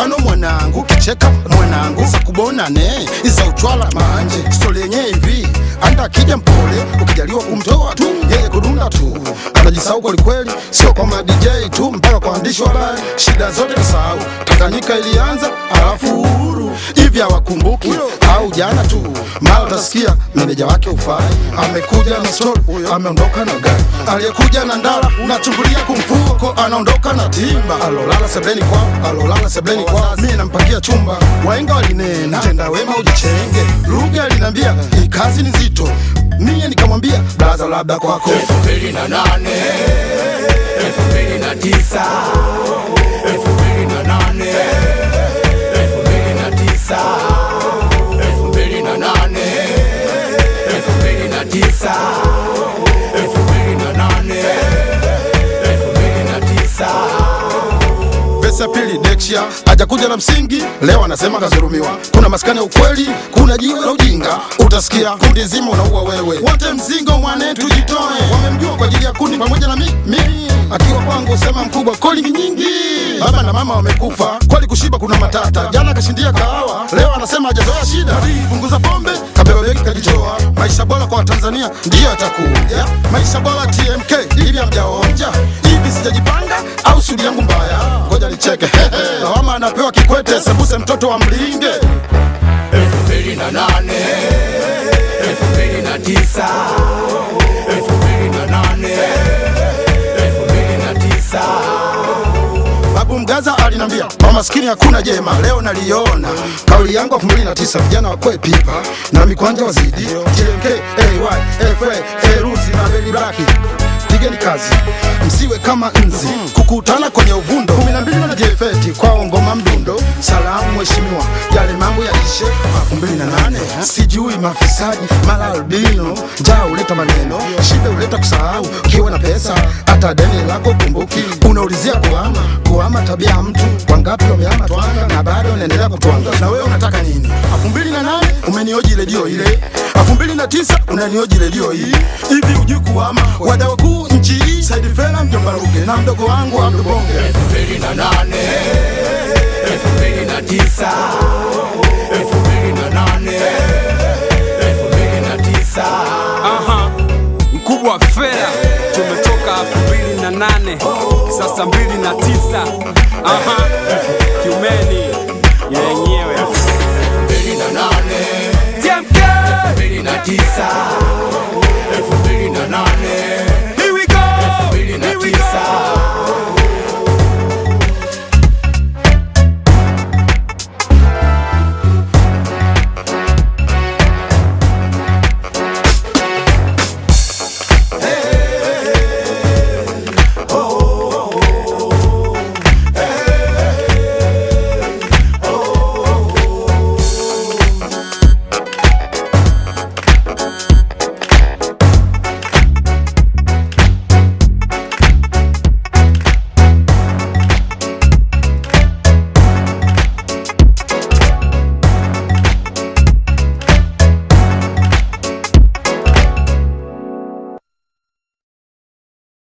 Tano mwanangu, kicheka mwanangu, sikubona ne iza uchwala manje, stori yenye hivi anda akija mpole, ukijaliwa kumtoa tu yeye kudunda tu anajisahau kweli kweli, sio kwa madj tu, mpaka kwa waandishi wa habari, shida zote kasahau. Tanganyika ilianza alafu hivi hawakumbuki au jana tu, mara utasikia meneja wake ufai amekuja na stroll, ameondoka na gari, aliyekuja na ndala nachungulia kumfuko, anaondoka na timba, alolala sebleni kwa alolala sebleni kwa, mimi nampangia chumba. waenga walinena tenda wema ujichenge, lugha alinambia hii kazi ni nzito, mie nikamwambia blaza, labda kwako elfu mbili na nane elfu mbili na tisa Jumamosi ya pili Dexia hajakuja na msingi, leo anasema kazurumiwa. Kuna maskani ya ukweli, kuna jiwe la ujinga, utasikia kundi zima unaua wewe. Wote mzingo mwane, tujitoe. Wamemjua kwa ajili ya kundi pamoja na mimi Akiwa kwangu sema mkubwa, koli ni nyingi, baba na mama wamekufa, kweli kushiba kuna matata. Jana kashindia kahawa, leo anasema hajazoea shida, punguza pombe, kabeba begi kajitoa. Maisha bora kwa Watanzania ndiyo atakuja, maisha bora TMK, ili hamjaonja hivi, sijajipanga au sudi yangu mbaya ngoja nicheke. Lawama anapewa Kikwete, sembuse mtoto wa Mlinge. elfu mbili na Babu Mgaza alinambia kwa maskini hakuna jema, leo naliona kauli yangu 2009 vijana wakwe pipa na mikwanja wazidi JMK, AY, FA, Eruzi na Beli pigeni kazi, msiwe kama nzi kukutana kwenye uvundo. kumi na mbili wanajefeti kwao ngoma mdundo. Salamu mheshimiwa, yale mambo yaishe. mbili na nane sijui mafisadi, mara albino, njaa uleta maneno, shida uleta kusahau. Ukiwa na pesa hata deni lako kumbuki, unaulizia kuhama kuhama, tabia mtu wangapi wamehama twanga na bado unaendelea kutwanga, na wewe unataka nini? elfu mbili na nane unanioji redio ile elfu mbili na tisa unanioji redio hii hivi ujui kuwama wada kuu nchi hii Said Fela mjomba Ruge na mdogo wangu wa Mdobonge elfu mbili na nane elfu mbili na tisa elfu mbili na nane elfu mbili na tisa aha mkubwa Fela tumetoka elfu mbili na nane sasa mbili na tisa aha kiumeni yenyewe elfu mbili na nane kumi na tisa